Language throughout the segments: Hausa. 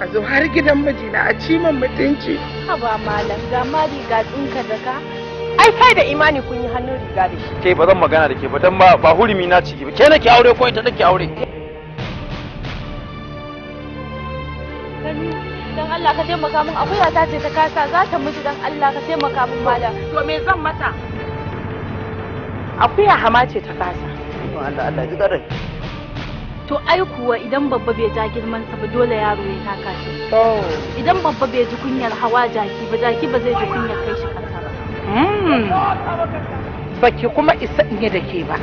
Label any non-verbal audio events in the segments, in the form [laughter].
a zo har gidan mijina a ci man mutunci ba malam ga mari ga tsinka daka ai kai da imani kun yi hannun riga da shi ke ba zan magana da ke ba dan ba hurumi na ciki ba ke nake aure ko ita take aure dan Allah ka taimaka min akwai ta ce ta kasa za ta mutu dan Allah ka taimaka min malam to me zan mata akuya hama ce ta kasa Allah Allah ji garin to ai kuwa idan babba bai ja girman sa ba dole yaro ya taka shi idan babba bai ji kunyar hawa jaki ba jaki ba zai ji kunyar kai shi kasa ba hmm. baki kuma isa inye da ke ba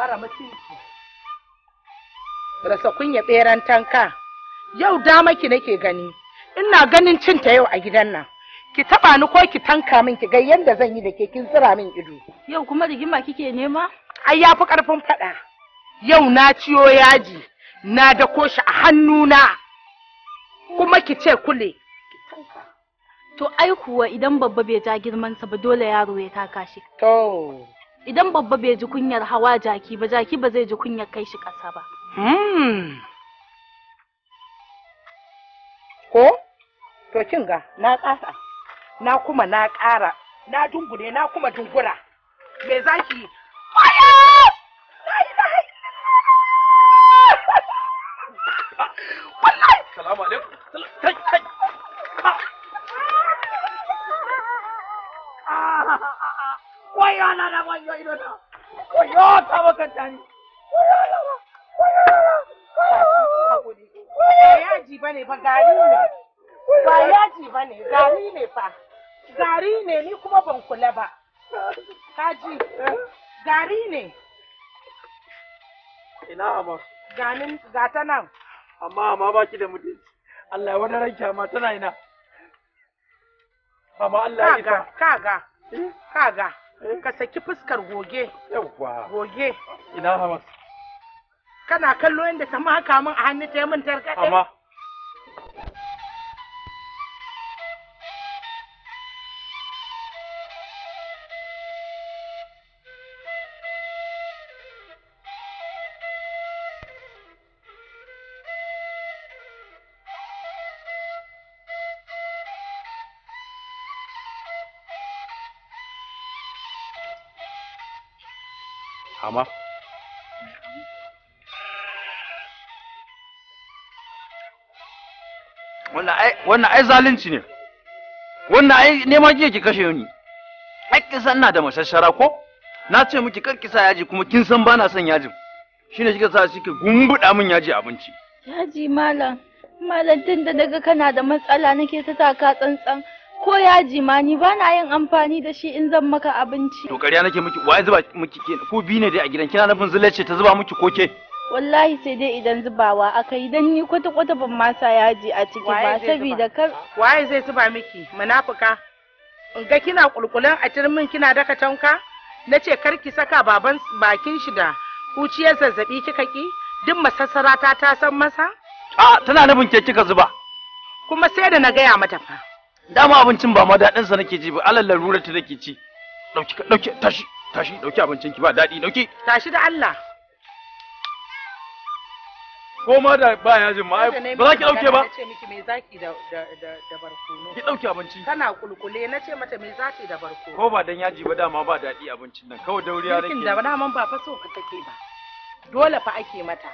fara mutunci rasa kunya ɓeran tanka yau dama ki nake gani ina ganin cinta yau a gidan nan ki taba ni ko ki tanka min ki ga yanda zan yi da ke kin tsira min ido yau kuma rigima kike nema ai ya fi karfin fada yau na ciyo yaji na da koshi a hannuna kuma ki ce kule to ai kuwa idan babba bai ja girman sa ba dole yaro ya taka shi to idan babba bai ji kunyar hawa jaki ba jaki ba zai ji kunyar kai shi ƙasa ba. Hmm. Ko? To kin ga na ƙasa, na kuma na ƙara, na dungure na kuma dungura. Me za ki yi? gari ne ni kuma ban kula ba kaji gari ne ina amma ganin ga ta nan amma amma baki da mutunci Allah wani ranki amma tana ina amma Allah ya ita kaga kaga eh? Eh? ka saki fuskar goge yawwa goge ina amma kana kallo inda ta maka min a hannu ta yi min tarkaɗe amma wannan ai zalunci ne wannan ai nema giya ki kashe ni ai san ina da mashashara ko na ce miki kar kisa yaji kuma kin san bana son yajin shine kika sa shi gumbuda min yaji abinci yaji malam malam tun da daga kana da matsala nake ta taka tsantsan ko yaji ma ni bana yin amfani da shi in zan maka abinci to kariya nake miki wai zuba miki ko bi ne dai a gidan kina nufin zulace ta zuba miki koke wallahi sai dai idan zubawa aka yi dan ni kwata kwata ban ma sa yaji a ciki ba saboda kar waye zai zuba miki munafuka in ga kina kulkulan a turmin kina daka tanka na ce kar ki saka baban bakin shi da kuciyar zazzabi kika ki duk masassara ta ta san masa a tana nufin ke kika zuba kuma sai da na gaya mata fa dama abincin ba ma daɗin sa nake ji ba alal larurar ta nake ci dauki dauki tashi tashi dauki abincin ki ba daɗi dauki tashi da Allah ko ma da ba jin ma'ai ba za ki dauke ba Na ce miki me zaki da da barkono ki ɗauke abinci kana kulkule na ce mata me zaki da barkono ko ba dan yaji ba dama ba dadi abincin nan kawai dauriya nake kin da dama ba fa so ka take ba dole fa ake mata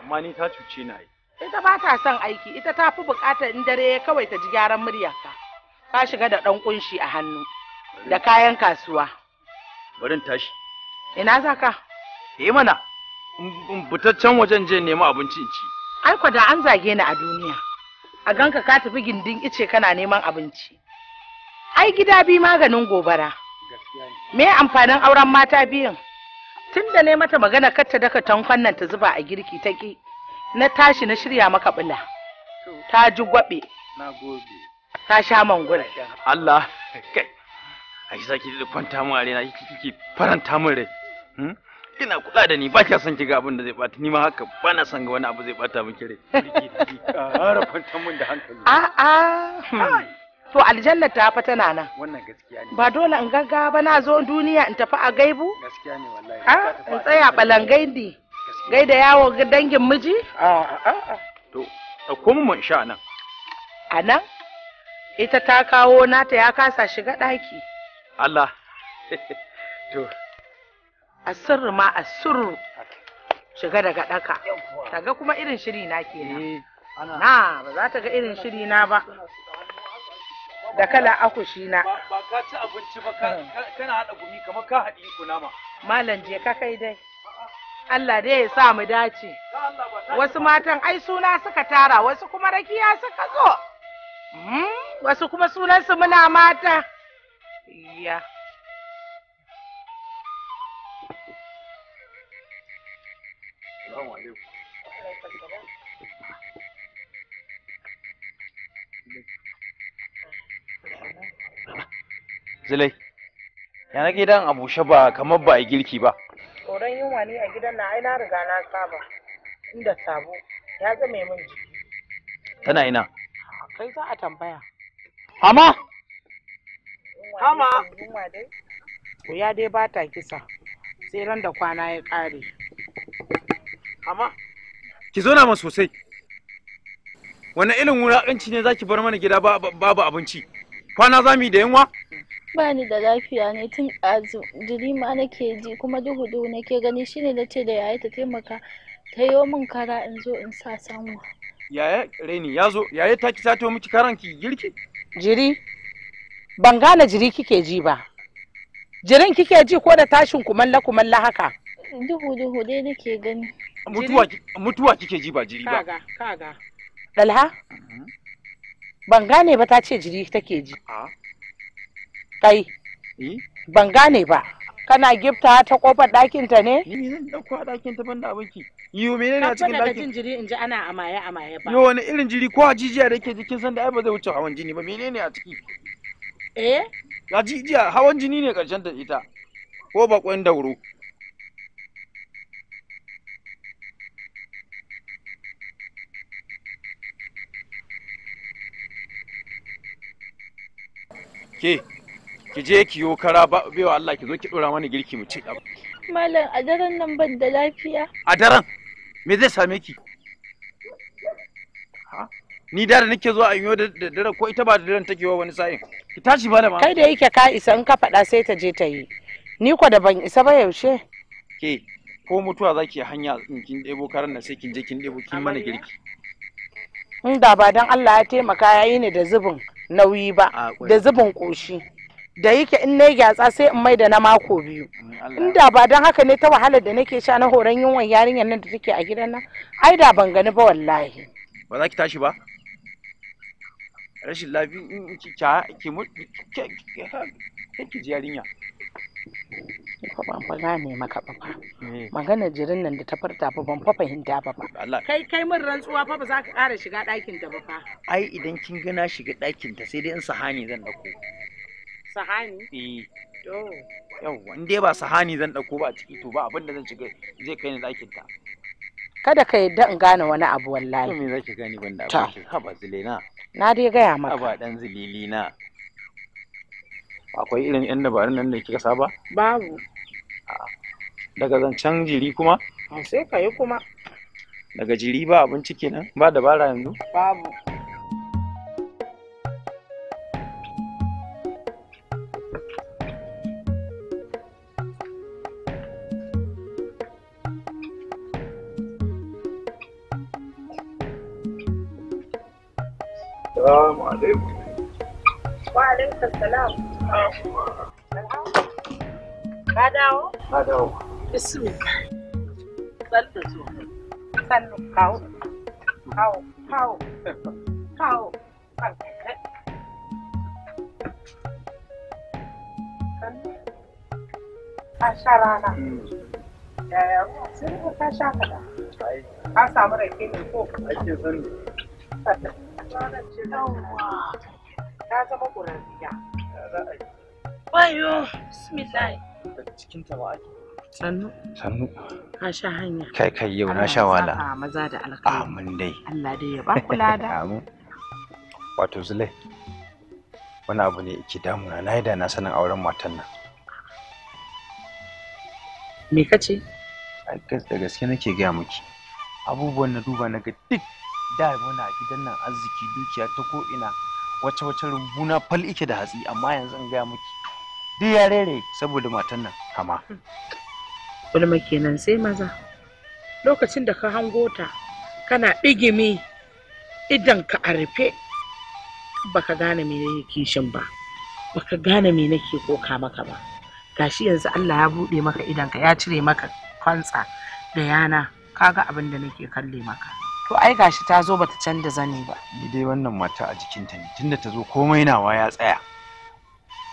amma ni ta cuce na yi ita ba ta son aiki ita ta fi buƙatar in dare kawai ta ji gyaran muryarka ka shiga da dan kunshi a hannu da kayan kasuwa barin tashi ina zaka yi mana fitaccen wajen je nemi abinci ci ai kwada an zage ni a duniya a ganka ka tafi gindin ice kana neman abinci ai gida bi maganin gobara me amfanin auren mata biyan tun da ne mata magana kar ta daka tankon nan ta zuba a girki ta ki na tashi na shirya maka bula ta ji gwabe ta sha mangura Allah kai Ai shi da kwanta mu a rena kike faranta min rai hmm? kina kula da ni ba kya son kiga abin da zai bata ni ma haka ba na son ga wani abu zai bata miki rai ƙara kwantar mun da hankali a a to aljanna ta fa tana nan wannan gaskiya ne ba dole in gaga ba na zo duniya in tafi a gaibu gaskiya ne wallahi ah, in tsaya balangai ne gaida yawo ga dangin miji a a a to ɗauko mu mun sha nan a nan ita ta kawo nata ya kasa shiga ɗaki Allah [laughs] to a sirri ma a sirru shiga daga daka ta ga kuma irin shiri na kenan eh, na ba za ta ga irin shiri na ba da kala akushi na ba ka ci abinci ba kana hada gumi kamar ka haɗi nama malam je ka kai dai Allah dai ya sa mu dace wasu matan ai suna suka tara wasu kuma rakiya suka zo hmm, wasu kuma sunansu muna mata yeah. Assalamu Zulai, Yana gidan a bushe ba kamar ba a girki ba. Tsoron yunwa ne a gidan na ai na riga na saba. Inda sabo ya zama min jiki. Tana ina? Kai za a tambaya. Hama? Hama? Yunwa dai? Ko ya dai bata kisa. Sai ran da kwana ya ƙare. amma ki zo na ma sosai wani irin wulaƙanci ne zaki bar mana gida babu abinci kwana za mu yi da yunwa ba ni da lafiya ne tun ɗazu na nake ji kuma duhu duhu nake gani shine na ce da yaya ta taimaka ta yi min kara in zo in sa samu yaya reni ya zo yaya ta ki sato miki karan ki girki jiri ban gane jiri kike ji ba jirin kike ji ko da tashin kumalla kumalla haka duhu duhu dai nake gani mutuwa kike ji ba jiri ba kaga kaga dalha mm-hmm. ban gane ba ta ce jiri take ji kai e? ban gane ba kana gifta ta kofar ɗakinta ta ne ni zan dauko a ɗakin ta banda abinki yiwu menene na cikin ɗakin jin jiri in ji ana amaye amaye ba yo wani irin jiri ko jijiya da ke jikin sanda ai ba zai wuce hawan jini ba menene a ciki eh ya jijiya hawan jini ne karshen ta ita ko bakon dauro ke ki je ki yo kara ba bewa Allah ki zo ki dora mana girki mu ci abu malam a daren nan ban da lafiya a daren me zai same ki ha ni da da nake zuwa in yo da daren ko ita ba da daren take wa wani sa'in ki tashi malama kai da yake ka isa in ka faɗa sai ta je ta yi ni ko da ban isa ba yaushe ke ko mutuwa zaki hanya in kin ɗebo karan nan sai kin je kin ɗebo kin mana girki in da ba dan Allah ya taimaka yayi ne da zubin nauyi ba da zubin koshi da yake in na gyatsa sai in maida na mako biyu inda ba don haka ne ta wahalar da nake sha na horon yunwan yarinyar nan da take a gidan nan ai da ban gani ba wallahi ba za ki tashi ba rashin in ki ki ki yarinya ban fa gane maka ba fa maganar jirin nan da ta farta fa ban fa fahimta ba fa kai kai min rantsuwa fa ba za ka ƙara shiga ɗakin ta ba fa ai idan kin gana shiga ɗakin ta sai dai in sahani zan ɗauko sahani eh to yawwa in dai ba sahani zan ɗauko ba a ciki to ba abin da zan shiga zai kai ni ɗakin ta kada ka yadda in gane wani abu wallahi to me zaki gane banda abin ki haba zilena na dai gaya maka haba dan zilili na akwai irin yan dabarun nan da kika saba babu daga zancen jiri kuma sai ka yi kuma daga jiri ba abinci kenan ba dabara yanzu babu Assalamu alaikum. Wa alaikum salam. Ka dawo? Ka dawo. Bismillah. zo. kawo. Kawo. Kawo. Kawo. Ka sha rana. Yaya sun yi ka sha da Ka samu rake ne ko? Ake Ta zama ƙurarriya. wayo bismillah cikin ta ba sannu sannu ka sha hanya kai kai yau na sha wala a maza da alƙawari amin dai Allah dai ya ba ku lada [laughs] amin wato zulai wani abu ne yake damuna na yi na sanin auren matan nan me kace da gaske nake gaya miki abubuwan na duba na ga duk da muna gidan nan arziki dukiya ta ko ina wace wace rumbuna fal ike da hatsi amma yanzu in gaya miki duk ya rere saboda matan nan kama ulma kenan sai maza lokacin da ka hango ta kana ɗigimi idan ka a rufe baka gane me nake kishin ba baka gane me nake koka maka ba gashi yanzu Allah ya buɗe maka idan ka ya cire maka kwantsa da yana kaga abin da nake kalle maka to ai gashi ta zo bata canza zani ba ni dai wannan mata a jikinta ne tunda ta zo komai nawa ya tsaya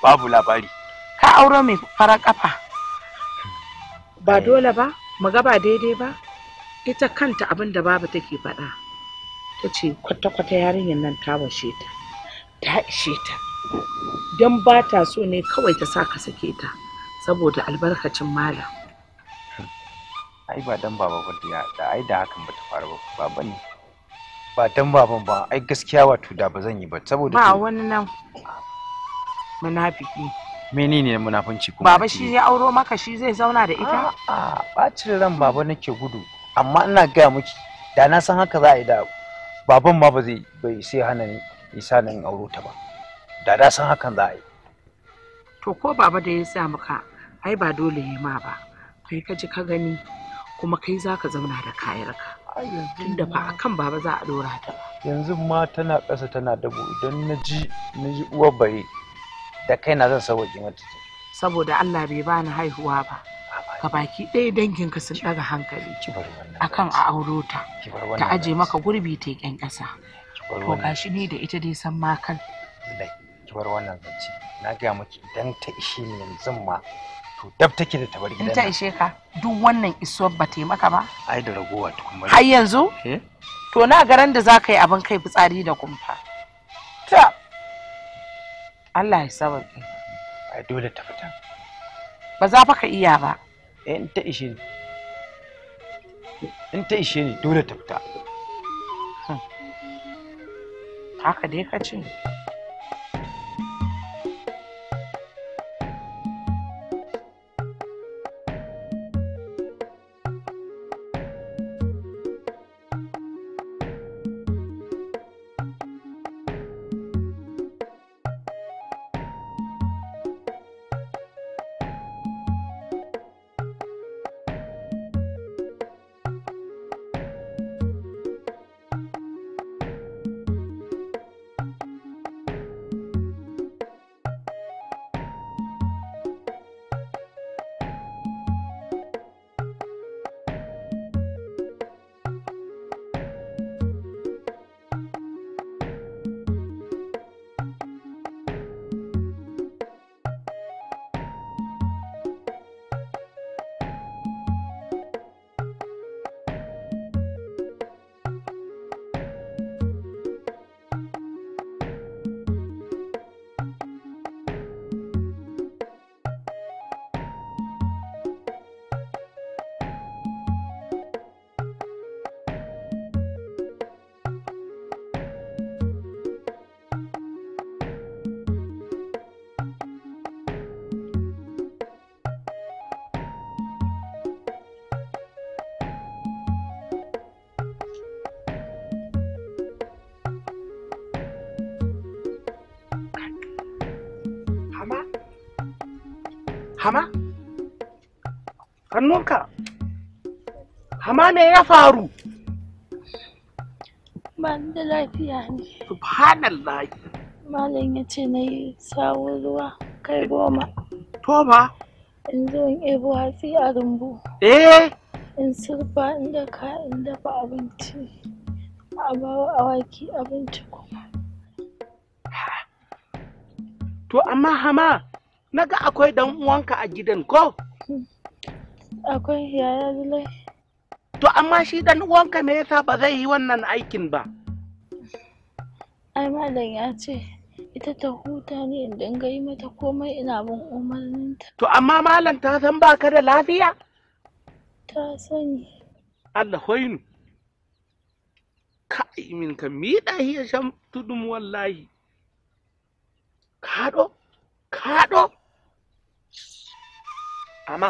babu labari ka aure mai fara kafa ba eh. dole ba mu ga ba daidai ba ita kanta abin da babu take faɗa ta ce kwata-kwata yarinyar nan ta washe ta ta ishe ta don ba ta so ne kawai ta sa ka sake ta saboda albarkacin malam ai ba dan baba ba da ai da hakan ba ta faru ba baba ne ba dan baban ba ai gaskiya wato da ba zan yi ba saboda ba wani nan munafiki menene munafunci kuma baba shi ya auro maka shi zai zauna da ita a bacin ran baba nake gudu amma ina gaya miki da na san haka za a yi da baban ma ba zai bai sai hana ni isa nan auro ta ba da na san hakan za a yi to ko baba da ya sa maka ai ba dole ya ma ba kai ka ji ka gani kuma kai za ka zauna da kayarka tunda ba a kan baba za a dora ta yanzu ma tana ƙasa tana dabo idan na ji na ji uwa bai da na zan sauwaƙe mata saboda Allah bai bani haihuwa ba ka baki ɗaya dangin sun ɗaga hankali kan a auro ta ta aje maka gurbi ta ƙyan ƙasa to gashi ni da ita dai san makar? ki wannan zance na gaya miki idan ta ishe ni yanzu ma to dab take da tabar gidan ta ishe ka duk wannan isuwar ba taimaka ba ai da ragowa tukun har yanzu eh? to na garan da za ka yi abin kai fitsari da kumfa ta Allah ya sauke ai dole ta fita ba za fa ka iya ba eh, in ta ishe ni in ta ishe ni dole ta fita haka dai ka ce hama hannunka hama me ya faru ban da lafiya ne subhanallah malam ya ce na yi sawo ruwa kai goma to ba in zo in ebo hatsi a rumbu eh in surfa in daka in dafa abinci a bawa awaki abinci kuma to amma hama na ga akwai dan uwanka a gidan ko akwai yaya zule to amma shi dan uwanka me yasa ba zai yi wannan aikin ba ai malam ya ce ita ta huta ne in dinga yi mata komai ina bin umarninta to amma malam ta san baka da lafiya ta sani Allah hoinu kai min ka mi da ya sham tudun wallahi kaɗo kaɗo Amma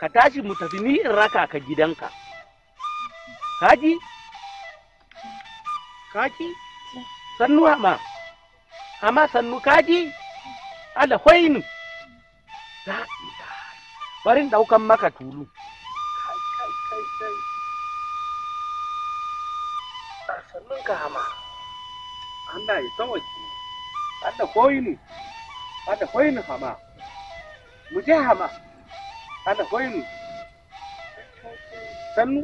ka tashi mu tafi ni in raka ka gidanka. Kaji? Kaji? Sannu amma. Amma sannu kaji? Ala hoinu. Barin ɗaukan maka tulu. Sannun ka hama. Allah ya tsawaki. Allah koyinu. Allah koyinu hama. Mu je hama. ana hoyin sannu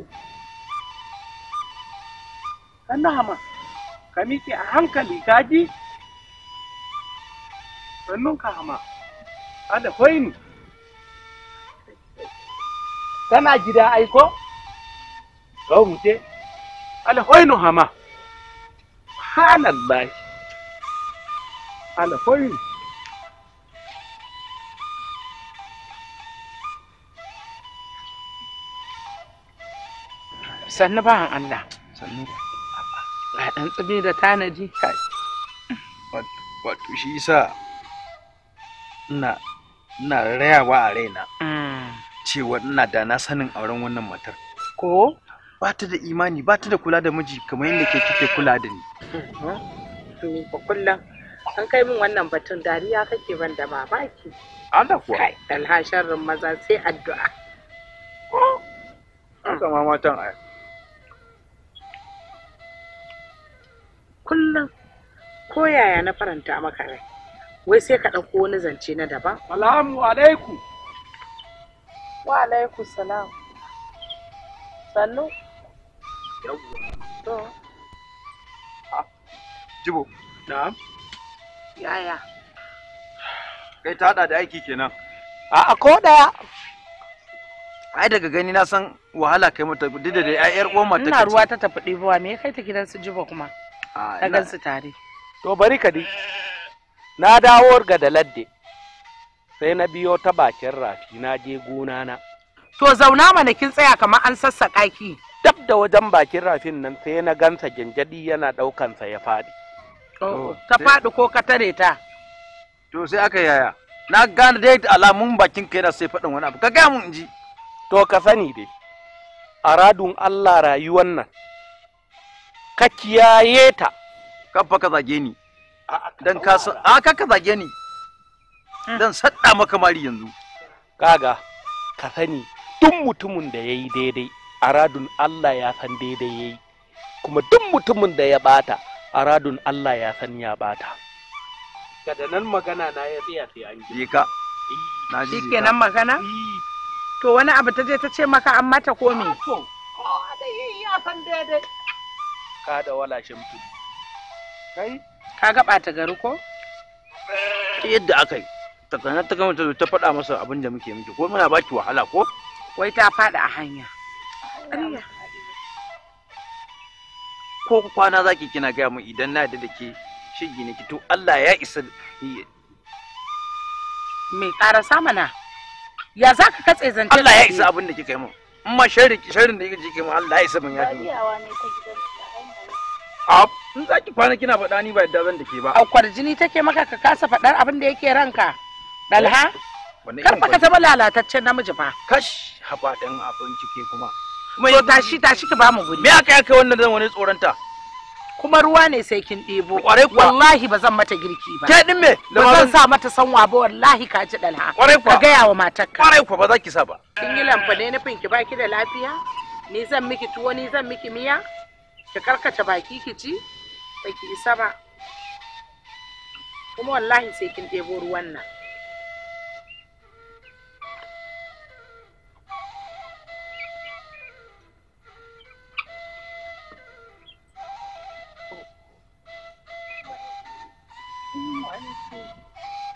sannu hama ka miƙe a hankali ka ji sannun ka hama ana hoyin kana gida aiko kawo mu ce ala hoyin hama subhanallahi ala hoyin sannu ba Allah sannu ba dan tsibi da tanadi kai wato shi yasa ina ina rayawa a raina mm. cewa ina da na sanin auren wannan matar ko ba ta da imani ba ta da kula da miji kamar yadda ke kike kula da ni to kullum an kai min wannan batun dariya kake ban da mamaki Allah kuwa kai dalhasharin maza sai addu'a ko kuma matan ai. kullum ko yaya na faranta maka rai wai sai ka ɗauko wani zance na daban salamu alaikum wa alaikum salam sannu to ah, jibo na'am yaya kai ta hada da aiki kenan a'a ko daya ai daga gani na san wahala kai mata duk da dai ai yar uwan mata ina ruwa ta tafi ɗibowa me kai ta gidan su jibo kuma na gansu tare to bari ka di na dawo ga da ladde sai na biyo ta bakin rafi na je gona na to zauna mana kin tsaya kamar an sassaƙa ki dab da wajen bakin rafin nan sai na gansa janjadi yana ɗaukansa ya faɗi ta faɗi ko ka tare ta to sai aka yaya na gane dai alamun bakin ka yana sai faɗin wani abu ka gaya mun ji to ka sani dai A radun Allah rayuwan nan ka kiyaye ta kafa ka zage ni dan ka san a ka ka zage ni hmm. dan sadda maka mari yanzu kaga ka sani duk mutumin da yayi daidai aradun Allah ya san daidai yayi kuma duk mutumin da ya bata aradun Allah ya san ya bata kada nan magana na ya tsaya sai an ji ka shi kenan magana to wani abu ta je ta ce maka an mata komi Ko ya san daidai ka da wala kai ka gaba ta gari ko yadda aka yi takanar ta gama ta faɗa masa abin da muke miki ko muna baki wahala ko wai ta faɗi a hanya ko kwana zaki kina gaya mu idan na da ke shigi ne to Allah ya isa me ƙara samana ya za ka katse zance Allah ya isa abin da kika yi mu amma sharri sharrin da kika ji kai mu Allah ya isa mun ya ji in za ki kwana kina faɗa ni ba yadda zan da ke ba. Aukwar jini take maka ka kasa faɗar abin da yake ranka. Dalha? Oh, kar ka zama lalataccen namiji fa. Kash haba ɗan abin cike kuma. To tashi tashi ki bamu guri. Me aka yaka wannan zan wani tsoronta? Kuma ruwa ne sai kin ɗebo. Ƙwarai kuwa. Wallahi ba zan mata girki ba. Ke ɗin me? Ba zan sa mata sanwa ba wallahi ka ji dalha. Ƙwarai kuwa. Ka gaya wa matarka. Ƙwarai kuwa ba za ki sa ba. Kin yi lamfa ne nufin ki da lafiya? Ni zan miki tuwo ni zan miki miya? ki karkace baki ki ci baki ki isa ba kuma wallahi sai kin debo ruwan nan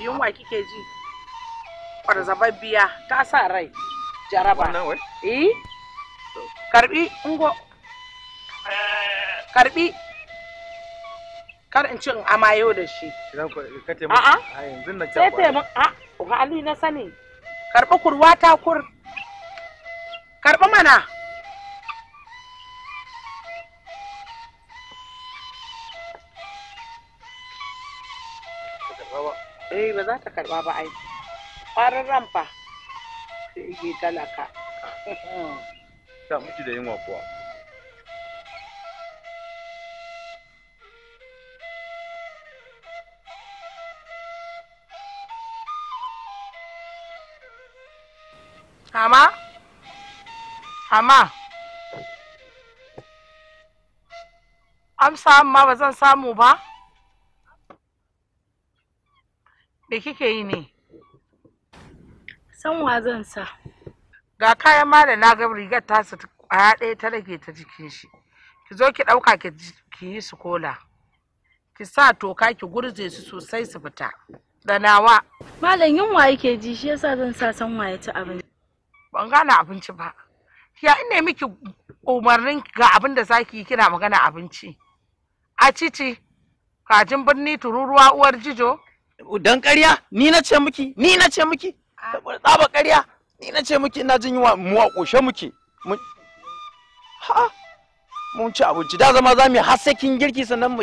yunwa kike ji kwarzababbiya ta sa rai jaraba eh karbi ungo karbi kar in ci in amayo da shi a'a sai taimaka a ga ali na sani karbi kurwa ta kur karbi mana eh ba za ta karba ba ai ƙwarar rampa sai ige talaka ta miki da yin kuwa Ama, Ama? Amsa amma ba zan samu ba? Me kike yi ne? Sanwa zan sa. Ga kayan ma da na ga rigar tasu kwaya ɗaya ta rage ta jikin shi. Ki zo ki ɗauka ki yi su kola. Ki sa toka ki gurje su sosai su fita. Da nawa. Malam yunwa yake ji shi yasa zan sa sanwa ya ci abinci. ban gane abinci ba ya ina miki umarnin ga abin da zaki kina magana abinci a cici kajin birni tururuwa uwar jijo dan ƙarya ni na ce miki ni na ce miki tsaba ƙarya ni na ce miki ina jin yunwa mu a ƙoshe miki. ha mun ci abinci da zama za mu har sai kin girki sannan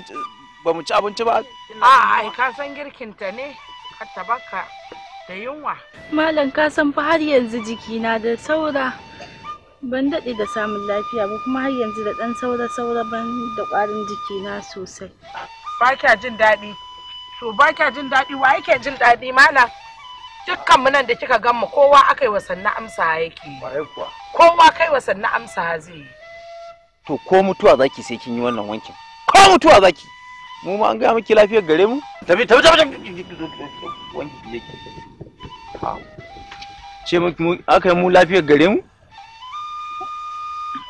ba mu ci abinci ba a'a ka san girkinta ne ka tabaka da yunwa malam ka san fa har yanzu jiki na da saura ban daɗe da samun lafiya ba kuma har yanzu da ɗan saura saura ban da ƙwarin jikina sosai ba kya jin daɗi to ba kya jin daɗi wa yake jin daɗi malam dukkan munan da kika gan mu kowa akai wa sanna amsa yake kowa kai wa sanna amsa zai yi to ko mutuwa zaki sai kin yi wannan wankin ko mutuwa zaki mu ma an ga miki lafiyar gare mu tafi tafi tafi wanki yake ce aka yi mu lafiyar gare mu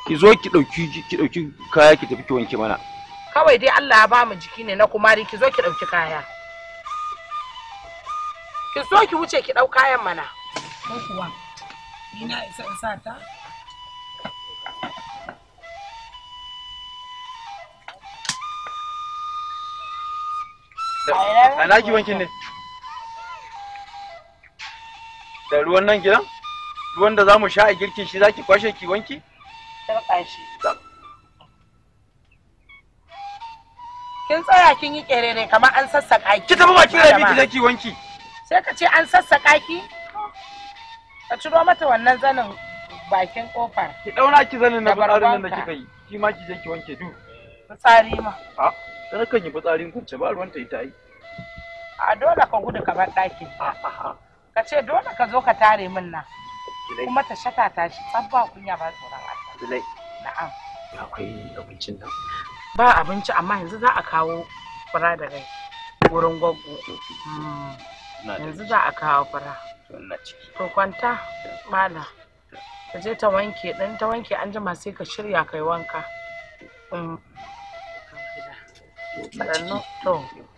ki zo ki ɗauki ki ɗauki kaya ki tafi ki wanke mana kawai dai Allah ya ba mu jiki ne na kumari ki zo ki ɗauki kaya ki zo ki wuce ki ɗau kayan mana ko kuwa ina isa isa ta Ana ki wankin ne? da ruwan nan gidan ruwan da za mu sha a girkin shi zaki kwashe ki wanki kin tsaya kin yi ne kamar an sassaƙa ki ki tafi bakin rabi ki zaki wanki sai ka ce an sassaƙa ki ka ciro mata wannan zanin bakin kofar ki dauna ki zanin na barbarin nan da kika yi Ki ma ki je ki wanke du fitsari ma a sai kan yi fitsarin kunce ba ruwan ta yi ta yi a dole ka gudu kamar ɗaki ka ce dole ka zo ka tare min nan kuma ta shata ta shi tsab ba kunya ba tsoron Allah na'am akwai abincin nan ba abinci amma yanzu za a kawo fura da rai wurin gwaggo hmm. yanzu za a kawo fura to kwanta mala ka je ta wanke dan ta wanke an jima sai ka shirya kai wanka sannan hmm. to